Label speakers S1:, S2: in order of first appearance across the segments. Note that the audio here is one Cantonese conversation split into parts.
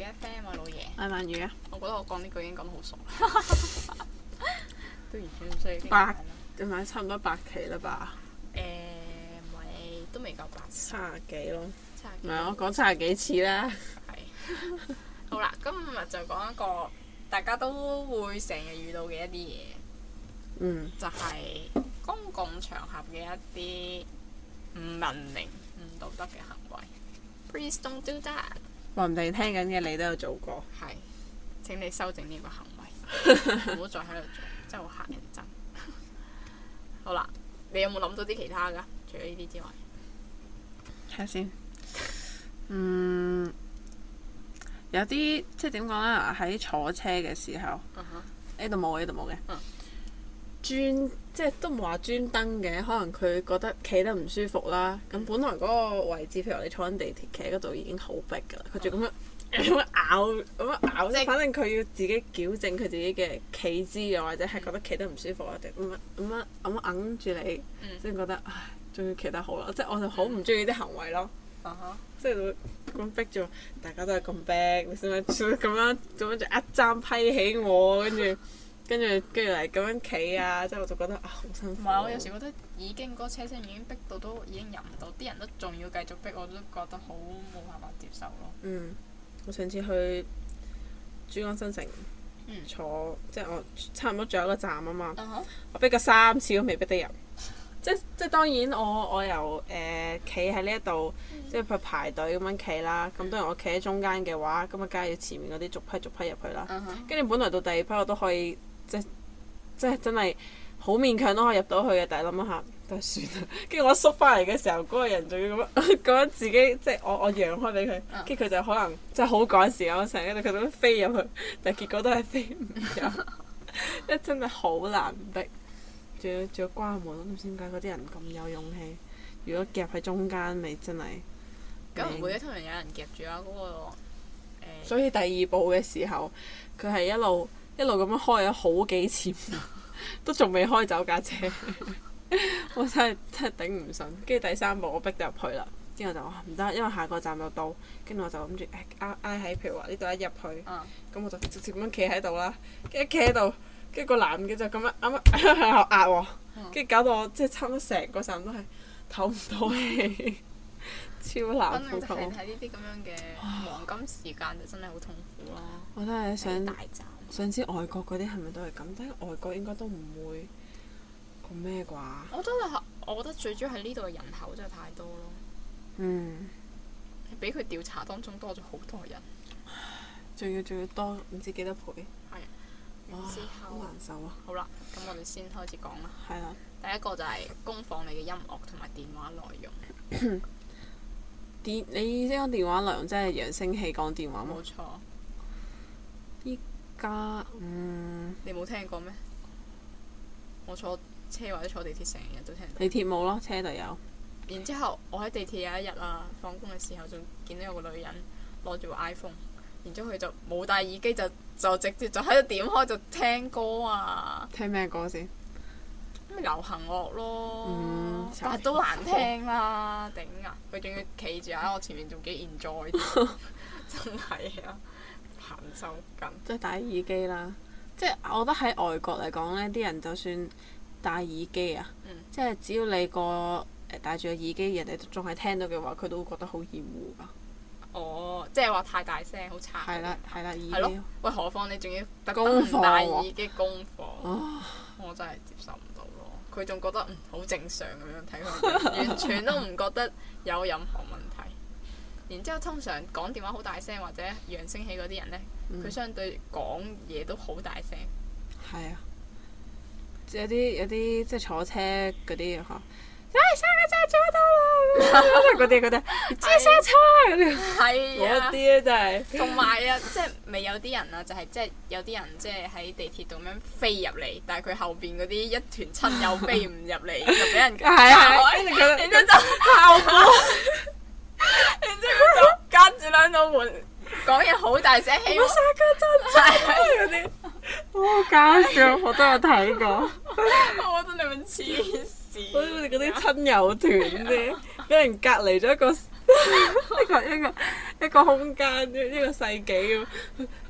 S1: 嘅 friend 嘛，FM，老爺。
S2: 阿曼宇啊。
S1: 我覺得我講呢句已經講得好熟。 都完全唔需要、啊。百，
S2: 今晚差唔多百期了吧？
S1: 誒、欸，唔係，都未夠百期。三十幾咯。三十
S2: 幾。唔係，我講三十幾次啦。係。
S1: 好啦，今日就講一個大家都會成日遇到嘅一啲嘢。嗯。就係公共場合嘅一啲
S2: 唔文明、
S1: 唔道德嘅行為。 Please don't do that.
S2: 話唔定聽緊嘅你都有做過，
S1: 係，請你修正呢個行為，唔好 再喺度做，真係好吓人憎。 好啦，你有冇諗到啲其他噶？除咗呢啲之外，睇
S2: 下先。嗯，有啲即係點講咧？喺坐車嘅時候，呢度冇，呢度冇嘅。專即係都唔話專登嘅，可能佢覺得企得唔舒服啦。咁本來嗰個位置，譬如你坐緊地鐵企喺嗰度已經好逼噶啦，佢仲咁樣咁樣咬咁樣，樣、即樣咬。反正佢要自己矯正佢自己嘅企姿，又或者係覺得企得唔舒服，定咁樣咁樣咁樣揞住你，先、嗯、覺得唉，終於企得好啦。嗯、即係我就好唔中意啲行為咯。嗯
S3: uh
S2: huh. 即係咁咁逼住，大家都係咁逼，你使乜咁樣咁樣就一針批起我，跟住。 跟住跟住嚟咁樣企啊！即係我就覺得啊，好辛苦，啊。唔係，我有時
S1: 覺得已經嗰車廂已經逼到都已經入唔到，啲人都仲要繼續逼，我都覺得好冇辦法接受咯。
S2: 嗯，我上次去珠江新城坐，嗯、即係我差唔多仲有一個站啊嘛。嗯、哼我逼咗三次都未逼得入。 即即當然我，我我由誒企喺呢一度，呃嗯、即係排排隊咁樣企啦，啊。咁、嗯、多然當然我企喺中間嘅話，咁啊，梗係要前面嗰啲逐批逐批入去啦，啊。跟住、嗯、哼本來到第二批我都可以。即即係真係好勉強都可以入到去嘅，但係諗下都算啦。跟住我縮翻嚟嘅時候，嗰、嗰個人仲要咁樣咁樣自己即係我我讓開俾佢，跟住佢就可能即係好趕時間，成日佢都飛入去，但係結果都係飛唔入，即 真係好難逼。仲要仲要關門，唔知點解嗰啲人咁有勇氣。如果夾喺中間，咪真係咁唔會通
S1: 常有人夾住啦，嗰個、
S2: 嗯、所以第二步嘅時候，佢係一路。一路咁樣開咗好幾次，都仲未開走架車，我真係真係頂唔順。跟住第三步我逼咗入去啦，之後就話唔得，因為下個站就到，跟住我就諗住誒，挨挨喺譬如話呢度一入去，咁、嗯嗯、我就直接咁樣企喺度啦。跟住企喺度，跟住個男嘅就咁樣啱啱向後壓喎，跟住搞到我即係差唔多成個站都係唞唔到氣，超難。咁睇呢啲
S1: 咁樣嘅黃金時間就唉真係好痛苦啦、
S2: 啊。我真係想大站。想知外國嗰啲係咪都係咁？但係外國應該都唔會咁咩啩？
S1: 我覺得我覺得最主要係呢度嘅人口真係太多咯。嗯。俾佢調查當中多咗
S2: 好多人，仲要仲要多唔知幾多倍。係啊。後後哇！好難受
S1: 啊。好啦，咁我哋先開始講啦。係啊。第一個就係公放你嘅音樂同埋電話內容。
S2: 電，你意思講電話內容，即係揚聲器講電話？冇錯。家嗯，你
S1: 冇聽過咩？我坐車或者坐地鐵成日都聽。地鐵
S2: 冇咯，車就有。
S1: 然之後我喺地鐵有一日啊，放工嘅時候仲見到有個女人攞住部 iPhone，然之後佢就冇戴耳機就就直接就喺度點開就聽歌啊。
S2: 聽咩歌先？
S1: 咁流行樂咯，
S2: 嗯、但都難聽
S1: 啦！頂 啊！佢仲要企住喺我前面，仲幾 enjoy，真係啊！
S2: 行就近，即係戴耳機啦。即係我覺得喺外國嚟講呢啲人就算戴耳機啊，嗯、即係只要你個誒、呃、戴住個耳機，人哋仲係聽到嘅話，佢都會覺得好厭惡噶。
S1: 哦，即係話太大聲好差，係啦，
S2: 係啦，耳機。
S1: 喂，何況你仲要唔戴耳機功課，功課哦、我真係接受唔到咯。佢仲、哦、覺得嗯好、呃、正常咁樣睇佢，完全都唔覺得有任何問題。 然之後通常講電話好大聲或者揚聲器嗰啲人咧，佢、嗯、相對講嘢都好大聲。
S2: 係啊，有啲有啲即係坐車嗰啲嚇，哎，
S1: 車上架車坐到
S2: 啦嗰啲嗰啲，
S1: 擠塞車嗰啲，係啊，嗰啲真
S2: 係。同埋、就係、啊，
S1: 即係咪有啲人啊，就係即係有啲人即係喺地鐵度咁樣飛入嚟，但係佢後邊嗰啲一團親友飛唔入嚟， 就俾人係啊，點解 就笑他們
S2: 好大聲、啊，氣冇殺家真仔嗰啲，好搞笑，我都有睇過。 我覺得你咪黐線，好似 我哋嗰啲親友團啲，俾 人隔離咗一個 一個一個一個空間，一個世紀咁，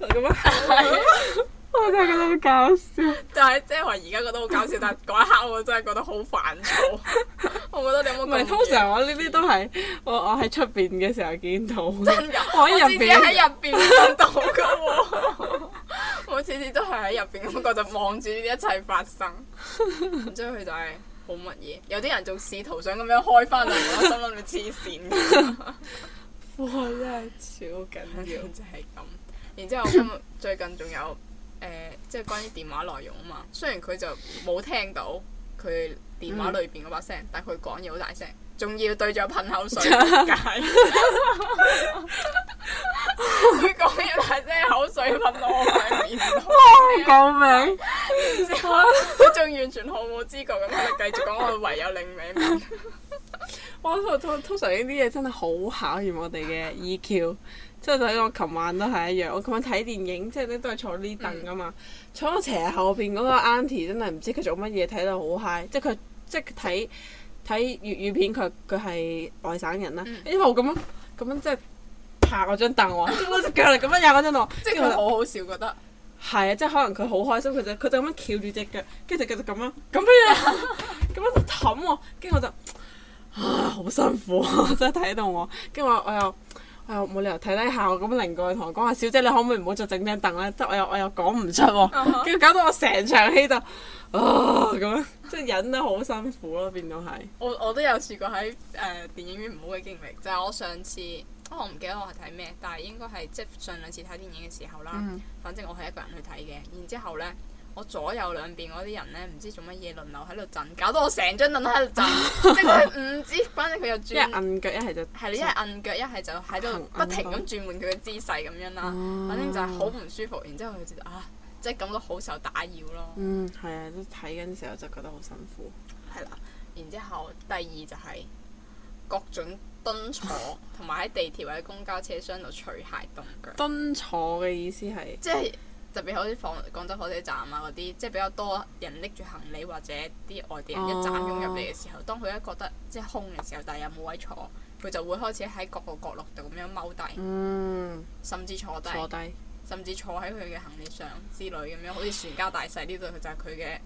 S2: 你覺 我真係覺得好搞笑，
S1: 就係、是、即係話而家覺得好搞笑，但係嗰一刻我真係覺得好煩躁。
S2: 我覺得你
S1: 有冇？我通常
S2: 我呢啲都係我我喺出邊嘅時候見到。嗯、
S1: 我喺入邊喺入邊見到噶、啊。 我次次都係喺入邊咁，我就望住呢啲一切發生。然之後佢就係好乜嘢？有啲人仲試圖想咁樣開翻嚟，我心諗你黐線。
S2: 哇！真係超緊要，不用 就係
S1: 咁。然之後今日最近仲有。 誒、呃，即係關於電話內容啊嘛，雖然佢就冇聽到佢電話裏邊嗰把聲，嗯、但佢講嘢好大聲，仲要對住噴口水，點解？佢講嘢大聲，口水噴到
S2: 我塊面，救命，
S1: 之後佢仲完全毫冇知覺咁，佢繼續講，我唯有令命。
S2: 哇，通通常呢啲嘢真係好考驗我哋嘅 EQ。即係睇我琴晚都係一樣，我琴晚睇電影，即係咧都係坐呢凳噶嘛， 坐我斜後邊嗰個 auntie 真係唔知佢做乜嘢，睇到好嗨。即係佢即係睇睇粵語片，佢佢係外省人啦， 因為我咁樣咁樣即係拍，拍，張拍 我拍張凳喎，即我隻腳嚟，咁樣樣嗰張凳，即係我好好笑覺得。係啊，即係可能佢好開心，佢就佢就咁樣翹住隻腳，跟住就繼續咁樣咁樣樣咁樣氹我，跟住我就啊好辛苦，真係睇到我，跟住我我又。係，我冇、哎、理由睇低下，我咁臨過去同我講話，小姐你可唔可以唔好再整張凳咧？得我又我又講唔出喎、啊，跟住、uh huh. 搞到我成場戲都啊咁，即係忍得好辛苦咯、啊，變到係。我我都
S1: 有試過喺誒、呃、電影院唔好嘅經歷，就係、是、我上次，哦、我唔記得我係睇咩，但係應該係即係上兩次睇電影嘅時候啦。Mm hmm. 反正我係一個人去睇嘅，然之後咧。我左右兩邊嗰啲人咧，唔知做乜嘢輪流喺度震，搞到我成張凳都喺度震，即係唔知。反正佢又轉，一摁 腳一係就係你一摁腳一係就喺度不停咁轉換佢嘅姿勢咁樣啦。反正就係好唔舒服，然之後佢就啊，即係感到好受打擾咯。嗯，
S2: 係都睇緊時候就覺得好辛苦。
S1: 係啦、嗯，然之後第二就係、是、各種蹲坐，同埋喺地鐵或者公交車廂度除
S2: 鞋動腳。蹲坐嘅意思係即係。
S1: 特別好似廣廣州火車站啊嗰啲，即係比較多人拎住行李或者啲外地人一站湧入嚟嘅時候，oh. 當佢一覺得即係空嘅時候，但係又冇位坐，佢就會開始喺各個角落度咁樣踎低，mm. 甚至坐低，坐下甚至坐喺佢嘅行李上之類咁樣，好似船家大細呢度就係佢嘅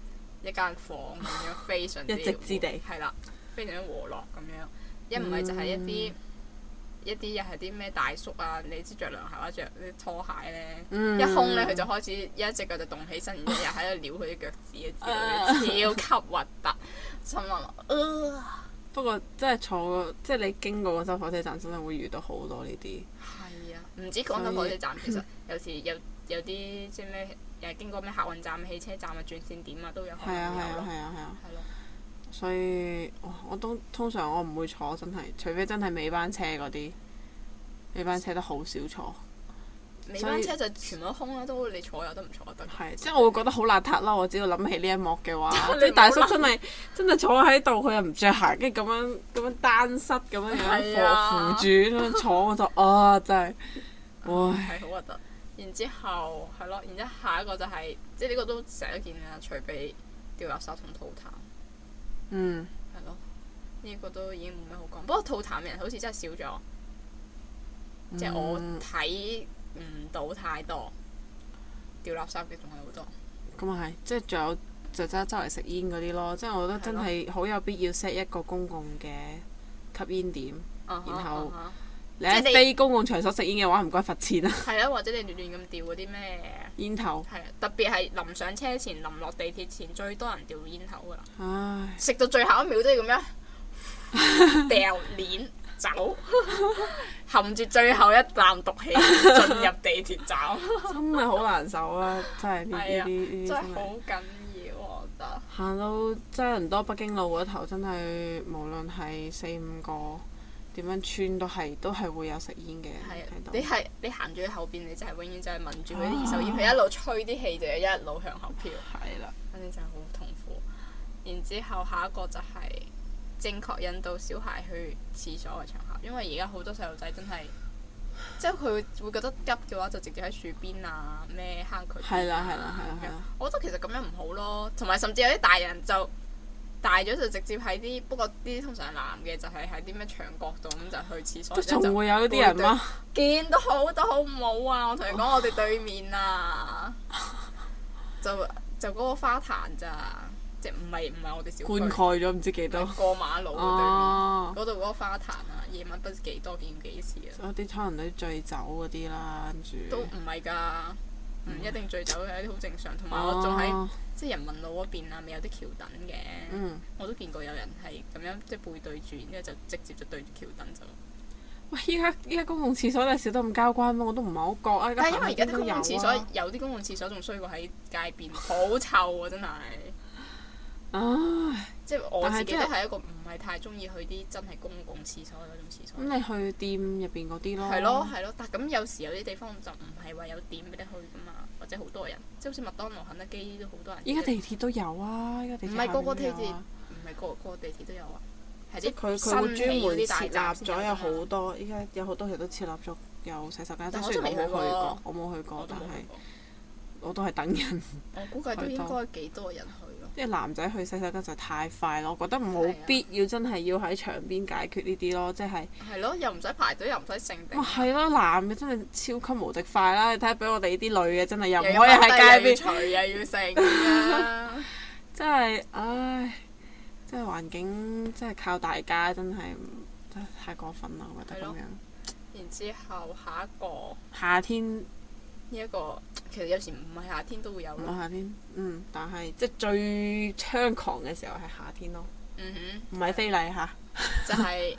S1: 一間房咁樣，非常之一席之地，係啦，非常之和樂咁樣，是是一唔係就係一啲。Mm. 一啲又係啲咩大叔啊，你知着涼鞋或著啲拖鞋咧，嗯、一空咧，佢就開始一隻腳就動起身，然之後又喺度撩佢啲腳趾啊、之類，超級核突，心諗，呃，
S2: 不過真係坐過，即係你經過嗰間火車站，真係會遇到好多呢啲。係啊，唔止廣州火車站，其實
S1: 有時有有啲即係咩，誒經過咩客運站、汽車站啊轉線點啊都有，都有
S2: 咯。 所以，我都通常我唔會坐，真係除非真係尾班車嗰啲，尾班車都好少坐。尾班車就
S1: 全部空啦，都以你坐又得，唔坐得。係，即
S2: 係我會覺得好邋遢咯。我只要諗起呢一幕嘅話，即係 大叔真係真係坐喺度，佢又唔着鞋，跟住咁樣咁樣單膝咁、啊、呀 樣樣扶扶住咁樣坐嗰度，啊，真係，唉。好核
S1: 突。然之後，係咯，然之後下一個就係、是，即係呢個都成日都見啊，隨便掉垃圾同吐痰。嗯，係咯，呢、這個都已經冇咩好講。不過吐痰嘅人好似真係少咗，嗯、
S2: 即係我
S1: 睇唔到太多。掉垃圾嘅仲係好多。
S2: 咁啊係，即係仲有就揸周圍食煙嗰啲咯。即係、嗯、我覺得真係好咯有必要 set 一個公共嘅吸煙點，
S3: 然後。嗯
S2: 你喺非公共場所食煙嘅話，唔該罰錢啊！係
S1: 啊，或者你亂亂咁掉嗰啲咩？煙頭。係啊，特別係臨上車前、臨落地鐵前，最多人掉煙頭噶
S2: 啦。唉！
S1: 食到最後一秒都要咁樣掉 鏈走，含住最後一啖毒氣進入地鐵站走，真
S2: 係好難受啊！真係呢啲真係好
S1: 緊要，我覺得。
S2: 行到真係人多，北京路嗰頭真係無論係四五個。點樣穿都係都係會有食煙嘅。係的，你係
S1: 你行住去後邊，你就係永遠就係聞住佢啲二手煙，佢、哎、呀一路吹啲氣，就一路向後飄。係啦、哎呀。反正就係好痛苦。然後之後下一個就係正確引導小孩去廁所嘅場合，因為而家好多細路仔真係，即係佢會覺得急嘅話，就直接喺樹邊啊咩坑渠、啊。係啦係啦係啦。我覺得其實咁樣唔好咯，同埋甚至有啲大人就。大咗就直接喺啲，不過啲通常男嘅就係喺啲咩牆角度咁就去廁所。都仲會有啲人嗎？見到好多好唔好啊！我同你講，我哋對面啊， 就就嗰個花壇咋，即係唔係唔係我哋小區。灌溉
S2: 咗唔知幾多。過馬路對面
S1: 嗰度嗰個花壇啊，夜晚不知幾多見幾次啊！嗰
S2: 啲差唔多啲醉酒嗰啲啦，跟住都
S1: 唔係㗎。唔、嗯、一定醉酒係啲好正常，同埋我仲喺、啊、即係人民路嗰邊啊，咪有啲橋墩嘅，嗯、我都見過有人係咁樣即係背對住，然後就直接就對住橋墩就。
S2: 喂！依家依家公共廁所都係少得咁交關咯，我都唔係好覺啊！但係因為而家啲公共廁所
S1: 有啲公共廁所仲衰過喺街邊，好 臭啊！真係。唉。
S2: 即係我自己是都係一個
S1: 唔係太中意去啲真係公共廁所嗰種廁所。咁你
S2: 去店入邊嗰啲咯。係咯係
S1: 咯，但咁有時有啲地方就唔係話有店俾你去㗎嘛，或者好多人，即係好似麥當勞、肯德基都好多人。依家地
S2: 鐵都有啊！依家地鐵，啊。唔係個個地鐵，
S1: 唔係，那個，那個地鐵都有啊。係啲。佢佢會專門，啊、設立咗有
S2: 好多，依家有好多條都設立咗有洗手間，但係我雖然冇去過，啊、我冇去過，都係我都係等人。我估計都應該幾多人啲男仔去洗手間就太快咯，我覺得冇必要的真係要喺場邊解決呢啲咯，即係。
S1: 係咯，又唔使排隊，又唔使性別。係
S2: 咯、哦，男嘅真係超級無敵快啦！你睇下俾我哋呢啲女嘅真係又唔可以喺街邊除
S1: 又要性啦，
S2: 真係唉！真係環境真係靠大家，真係太過分啦！的我覺得咁樣。
S1: 然之後，下一個
S2: 夏天。
S1: 呢一個其實有時唔係夏天都會有咯，唔係夏
S2: 天，嗯，但係即係最猖狂嘅時候係夏天咯。嗯哼，唔係非禮吓，
S1: 就係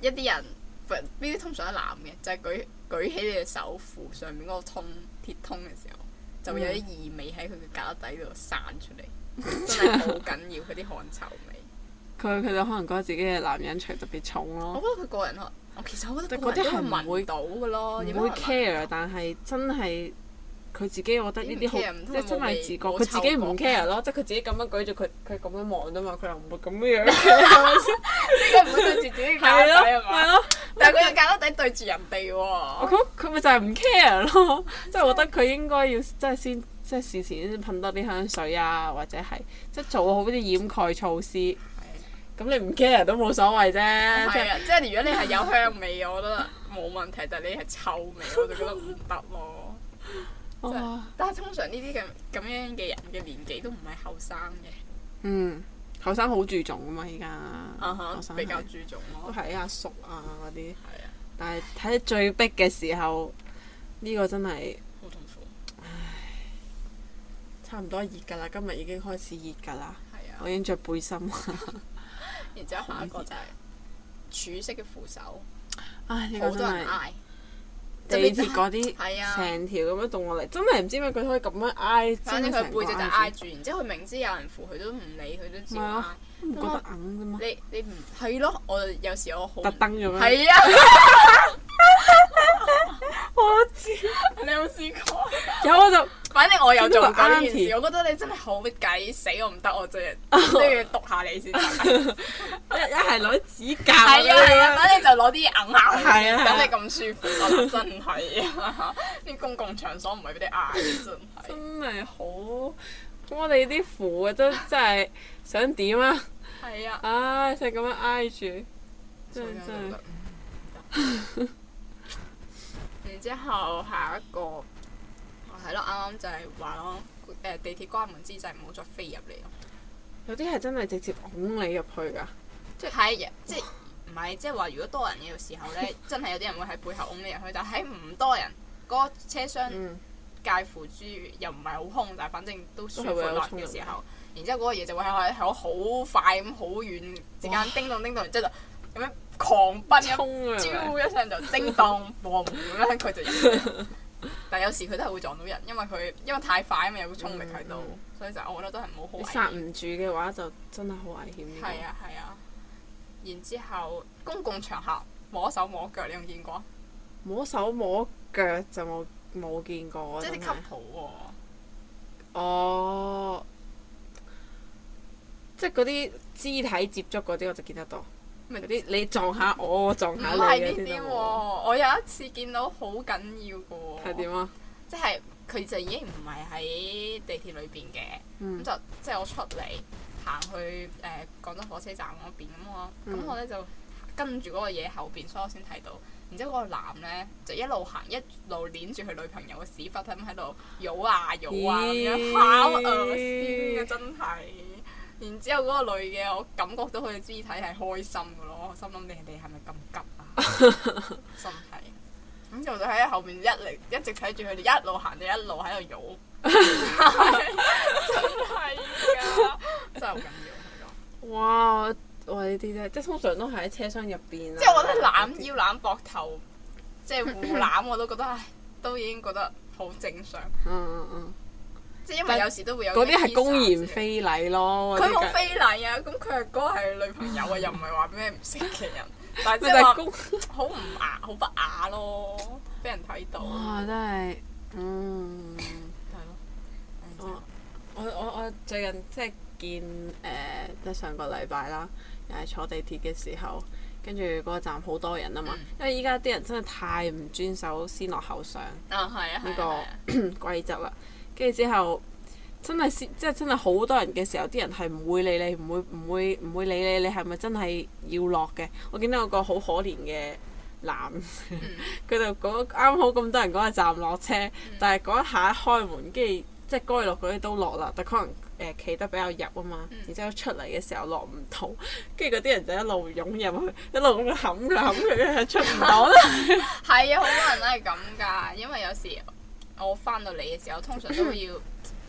S1: 一啲人，呢啲通常係男嘅，就係舉舉起你嘅手扶上面嗰個通鐵通嘅時候，就會有啲異味喺佢嘅胳肋底度散出嚟，嗯、 真係好緊要佢啲汗臭味。
S2: 佢佢就可能覺得自己嘅男人氣特別重咯。我
S1: 覺得佢個人我其實我覺得佢都唔會倒㗎咯，唔會 care，
S2: 但係真係佢自己我覺得呢啲好，即係真係自覺，佢自己唔 care 咯，即係佢自己咁樣舉住佢，佢咁樣望㗎嘛，佢又唔會咁嘅樣，即係唔會對住自己隔底係嘛？但係佢又隔底對住人哋喎。我覺得佢咪就係唔 care 咯，即我覺得佢應該要即係先即係事前先噴多啲香水啊，或者係即係做好啲掩蓋措施。咁你唔 care 都冇所謂啫，即係如果你係有香
S1: 味，我覺得冇問題，但係你係臭味，我就覺得唔得
S3: 咯。
S1: 但係通常呢啲咁咁樣嘅人嘅年紀都唔係後生
S2: 嘅。嗯，後生好注重㗎嘛而家，後生比較注重咯，都係阿叔啊嗰啲。係啊！但係睇最逼嘅時候，呢個真係好痛苦。唉，差唔多熱㗎啦，今日已經開始熱㗎啦。係啊！我已經着背心。 然
S1: 之後下一個就係柱式嘅扶手，
S2: 唉、哎，好、這個、多人挨，地鐵嗰啲，成條咁樣動落嚟，啊、真係唔知咩佢可以咁樣挨。反正佢背脊就挨住，
S1: 然之後佢明知有人扶佢都唔理，佢都照挨。唔、啊、覺得硬啫嘛。你你唔係咯？我有時我好特
S2: 登咁樣。係啊！
S1: 我知，你有試過？ 有我就。反正我又做唔到呢件事，姨姨我覺得你真係好鬼死，我唔得，我真係都、oh. 要督下你先、哎。一係攞啲指甲，係啊， 啊，啊，啊，反正就攞啲嘢咬，等 你咁舒服，我真係。啲、啊、公共場所唔係俾你嗌，真係。
S2: 真係好，咁我哋啲扶都真係想點啊？係啊。唉，成咁樣挨住，真真 。
S1: 然之後下一個。係咯，啱啱就係話咯，誒地鐵關門之際唔好再飛入嚟咯。
S2: 有啲係真係直接㧬你入去㗎。即
S1: 係喺，即係唔係即係話，如果多人嘅時候咧，真係有啲人會喺背後㧬你入去。但係喺唔多人嗰個車廂介乎於又唔係好空，但係反正都舒服落嘅時候，然之後嗰個嘢就會喺喺好快咁好遠時間叮咚叮咚，然之後就咁樣狂奔一聲就叮咚，狂咁樣佢就。但有時佢都係會撞到人，因為佢因為太快啊嘛，有個衝力喺度。嗯、所以就我覺得都係冇好危險。你剎
S2: 唔住嘅話就真係好危險，啊。係啊
S1: 係啊，然之後公共場合摸手摸腳你有冇見過？
S2: 摸手摸腳就冇冇見過。摸摸見過即係啲 couple 哦，oh, 即係嗰啲肢體接觸嗰啲，我就見得到。咪啲你撞下我，我撞下你嘅先得
S1: 喎。我有一次見到好緊要嘅喎。係點啊？即係佢就已經唔係喺地鐵裏邊嘅，咁、嗯、就即係我出嚟行去誒廣州火車站嗰邊咁我，咁、嗯、我咧就跟住嗰個嘢後邊，所以我先睇到。然之後嗰個男咧就一路行一路攆住佢女朋友嘅屎忽，咁喺度搖啊搖啊咁、欸、樣。好惡心啊！真係。然之後嗰個女嘅，我感覺到佢嘅肢體係開心㗎咯，我心諗你哋係咪咁急啊？真係，咁就就喺後面一嚟一直睇住佢哋一路行就一路喺度喐，真係㗎，真
S2: 係好緊要。哇！我呢啲咧，即係通常都係喺車廂入邊。即係我，我覺得攬
S1: 腰攬膊頭，即係護攬我都覺得，都已經覺得好正常。嗯嗯嗯。嗯嗯因為有時都會有啲係公
S2: 然非禮咯，佢冇非
S1: 禮啊！咁佢阿哥係女朋友啊， 又唔係話咩唔識嘅人，但係即係公好唔雅，好不雅咯，俾人睇
S2: 到。啊，真係，嗯，係咯、嗯。我我我最近即係見誒，即係、呃、上個禮拜啦，又係坐地鐵嘅時候，跟住嗰個站好多人啊嘛，嗯、因為依家啲人真係太唔遵守先落後上啊，
S1: 係啊，呢 個
S2: 規則啦。跟住之後，真係即係真係好多人嘅時候，啲人係唔會理你，唔會唔會唔會理你，你係咪真係要落嘅？我見到有個好可憐嘅男，佢、嗯、 就嗰啱好咁多人嗰個站落車，嗯、但係嗰一下開門，跟住即係該落嗰啲都落啦，但可能誒企、呃、得比較入啊嘛，然之後出嚟嘅時候落唔到，跟住嗰啲人就一路湧入去，一路咁冚冚佢，佢出唔到啦。
S1: 係啊， 好多人都係咁噶，因為有時。我翻到嚟嘅時候，通常都要、嗯、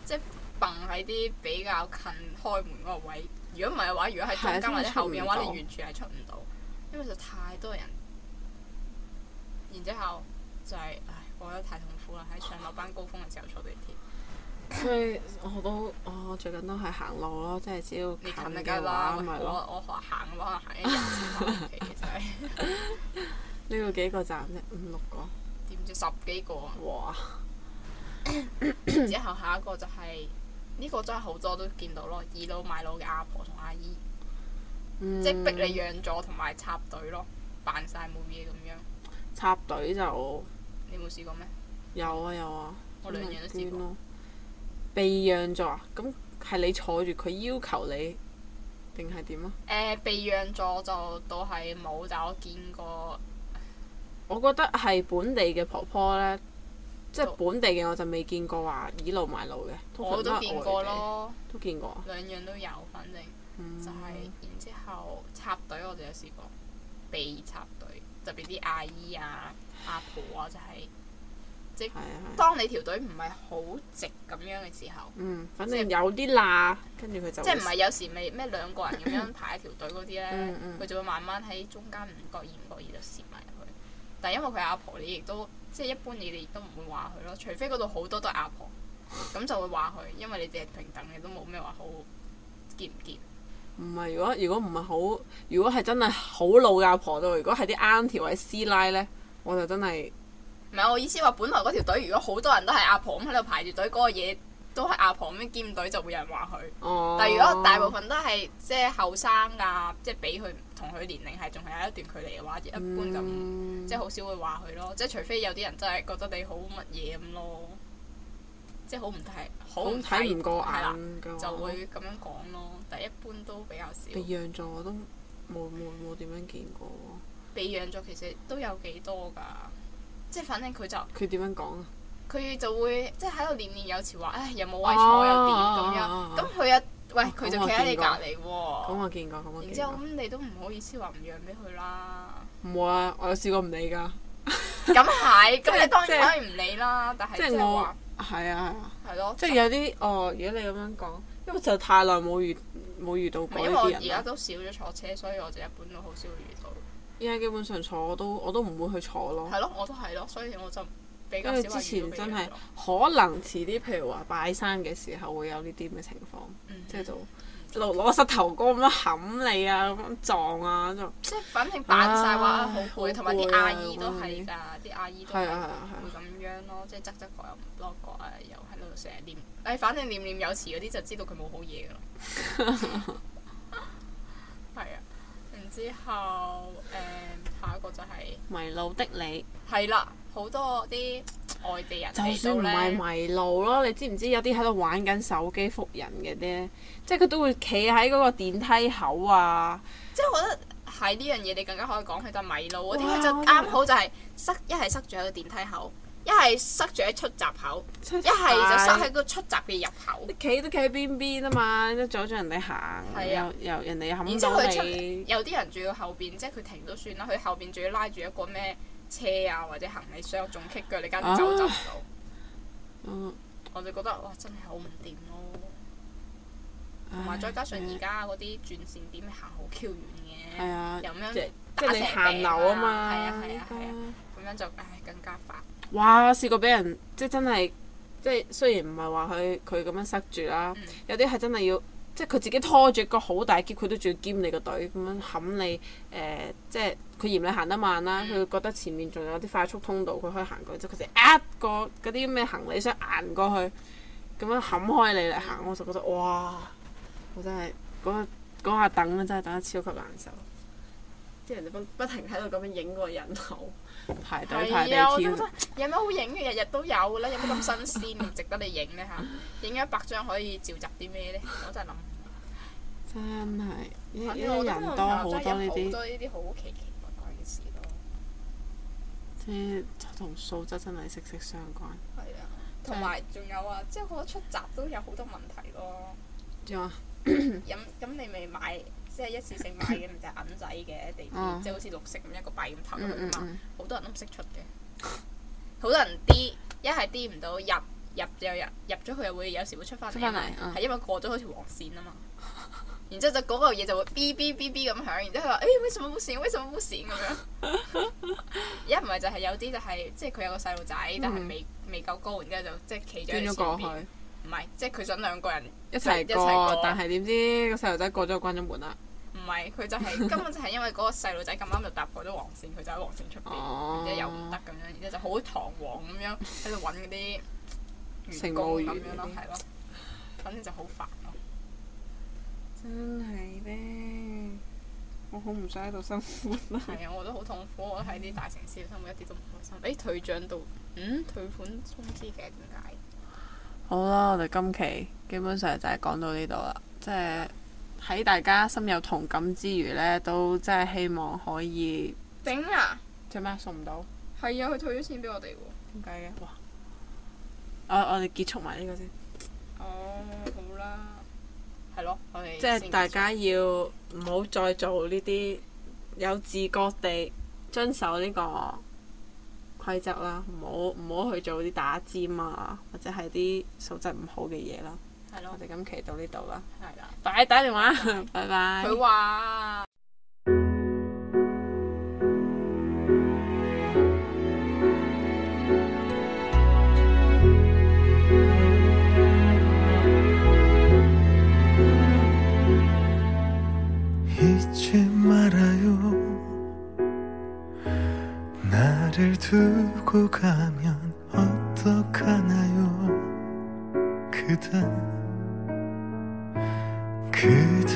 S1: 即係掟喺啲比較近開門嗰個位。如果唔係嘅話，如果係中間或者後面嘅話，你完全係出唔到，因為實太多人。然之後就係、是、唉，過得太痛苦啦！喺上落班高峰嘅時候坐地鐵。
S2: 所以我都我、哦、最近都係行路咯，即係只要近你近嘅話，咪我我
S1: 行嘅話行一日都唔 OK
S2: 呢個幾個站啫，五六個。
S1: 點知哇十幾個啊！個哇！之 後下一個就係、是、呢、這個真係好多都見到咯，倚老賣老嘅阿婆同阿姨，
S2: 嗯、
S1: 即係逼你讓座同埋插隊咯，扮晒冇嘢咁樣。
S2: 插隊就你冇試過咩？有啊，有啊。我兩樣都試過。嗯、被讓座啊？咁係你坐住佢要求你，定係點啊？誒、
S1: 呃，被讓座就都係冇，就我見過。
S2: 我覺得係本地嘅婆婆咧。即係本地嘅我就未見過話倚路埋路嘅，我都係外地都見過，
S1: 兩樣都有，反正、嗯、
S2: 就係、
S1: 是、然之後插隊，我就有試過被插隊，特別啲阿姨啊、阿婆啊，就係即係當你條隊唔係好直咁樣嘅時候、
S2: 嗯，反正有啲罅，跟住佢就，是、就即係唔係有
S1: 時咪咩兩個人咁樣排一條隊嗰啲咧，佢、嗯嗯、就會慢慢喺中間唔覺意唔覺意就蝕埋。但係因為佢阿婆，你亦都即係一般，你哋亦都唔會話佢咯。除非嗰度好多都係阿婆，咁就會話佢。因為你哋係平等嘅，都冇咩話好見唔見？
S2: 唔係，如果如果唔係好，如果係真係好老嘅阿婆到如果係啲啱條位或者師奶呢，ine, 我就真係
S1: 唔係。我意思話，本來嗰條隊如果好多人都係阿婆咁喺度排住隊，嗰個嘢都係阿婆咁兼隊，就會有人話佢。
S3: Oh. 但係如果大部分
S1: 都係即係後生㗎，即係俾佢。同佢年齡係仲係有一段距離嘅話，一般就即係好少會話佢咯。即係、嗯、除非有啲人真係覺得你好乜嘢咁咯，嗯、即係好唔睇，好睇唔過眼就會咁樣講咯。但係一般都比較少。被
S2: 讓座我都冇冇冇點樣見過。
S1: 被讓座其實都有幾多㗎，即係反正佢就
S2: 佢點樣講啊？
S1: 佢就會即係喺度念念有詞話，唉，有冇位坐？有啲咁樣。咁
S2: 佢啊？喂，佢就企喺你隔離喎。咁我見過，咁我見過。見過
S1: 然之後咁，嗯、你都唔好意思話唔讓俾佢啦。
S2: 唔會啊！我有試過唔理㗎。咁係，咁你當然可以唔理啦。就是、但係
S1: 即係話係啊係啊。係咯，即係
S2: 有啲哦。如果你咁樣講，因為就太耐冇遇冇遇到。因為我而家都少
S1: 咗坐車，所以我就一般都好少
S2: 會遇到。而家基本上坐我都我都唔會去坐咯。係咯，
S1: 我都係咯，所以我就。跟住之前真
S2: 係可能遲啲，譬如話拜山嘅時候會有呢啲咁嘅情況，mm hmm. 即係就攞攞 膝頭哥咁樣冚你啊，咁樣撞啊，即係
S1: 反正扮晒話好攰，同埋啲阿姨都係㗎，啲、啊、阿姨都會咁、啊啊啊、樣咯，即係側側角又唔多角啊，又喺度成日念，誒，反正念念有詞嗰啲就知道佢冇好嘢㗎啦，係啊。 之後，誒、嗯，
S2: 下一個就係、是、迷路的你。係啦，好多啲
S1: 外地人，就算唔係迷
S2: 路咯，你知唔知有啲喺度玩緊手機覆人嘅啫？即係佢都會企喺嗰個電梯口啊！即係我覺得
S1: 喺呢樣嘢，你更加可以講佢就迷路。啲佢就啱好就係塞，哇塞一係塞住喺個電梯口。一係塞住喺出閘口，一係就塞喺個
S2: 出閘嘅入口。企都企喺邊邊啊嘛，一阻住人哋行，又又人哋又然之後佢出，
S1: 有啲人仲要後邊，即係佢停都算啦。佢後邊仲要拉住一個咩車啊，或者行李箱，仲棘腳。你間走走唔到。我就覺得哇，真係好唔掂咯。同
S2: 埋再加上而家
S1: 嗰啲轉線點行好 Q 遠嘅，又咁樣即
S2: 係即係限流啊嘛，
S1: 咁樣就唉更加煩。
S2: 哇！試過俾人即係真係，即係雖然唔係話佢佢咁樣塞住啦，嗯、有啲係真係要，即係佢自己拖住一個好大喼，佢都仲要兼你個隊咁樣冚你誒，即係佢嫌你行得慢啦，佢覺得前面仲有啲快速通道，佢可以行過去，即佢哋一個嗰啲咩行李箱硬過去，咁樣冚開你嚟行，我就覺得哇！我真係嗰嗰下等真係等得超級難受。啲人就不停喺度咁樣影個人頭，係啊，我地鐵。有咩
S1: 好影嘅？日日都有啦，有咩咁新鮮？ 唔值得你影咧嚇？影、啊、一百張可以召集啲咩咧？我就真係
S2: 諗真係，人多好多呢啲好多
S1: 呢啲好奇奇怪怪嘅事
S2: 咯。啲同素質真係息息相關。
S1: 係啊，同埋仲有啊，即係好多出閘都有好多問題咯。
S2: 仲
S1: 有啊？咁咁， 你咪買？即係一次性買嘅，唔就銀仔嘅地即係好似綠色咁一個幣咁頭啊嘛！好多人都唔識出嘅，
S2: 好
S1: 多人啲一係啲唔到入入又入入咗佢又會有時會出翻嚟，係因為過咗好似黃線啊嘛！然之後就嗰嚿嘢就會咇咇咇咇咁響，然之後話：誒，為什麼冇線？為什麼冇線？咁樣一唔係，就係有啲就係即係佢有個細路仔，但係未未夠高，然之後就即係企咗過去。唔係，即係佢想兩個人一齊一齊過，但係
S2: 點知個細路仔過咗就關咗門啦。
S1: 唔係，佢就係根本就係因為嗰個細路仔咁啱就踏過咗黃線，佢就喺黃線出邊，即係、oh. 又唔得咁樣，然之後就好堂皇咁樣喺度揾嗰啲魚缸咁樣咯，係咯， 反正就好煩咯，
S2: 真係咧，我好唔想喺度生活啦。係
S1: 啊， 我都好痛苦，我喺啲大城市生活一啲都唔開心。誒、哎，退賬到，嗯，退款通知嘅點解？
S2: 好啦、啊，我哋今期基本上就係講到呢度啦，即係。嗯喺大家心有同感之餘呢，都真係希望可以
S1: 頂啊！做咩送唔到？係啊，佢退咗錢俾我哋喎。點解嘅？
S2: 哇！我我哋結束埋呢個先。
S1: 哦，好啦，係咯，我哋即係大家
S2: 要唔好再做呢啲有自覺地遵守呢個規則啦，唔好唔好去做啲打尖啊，或者係啲素質唔好嘅嘢啦。
S3: 係咯，我哋今期到呢度啦。係啦，拜打電話，拜拜。佢話。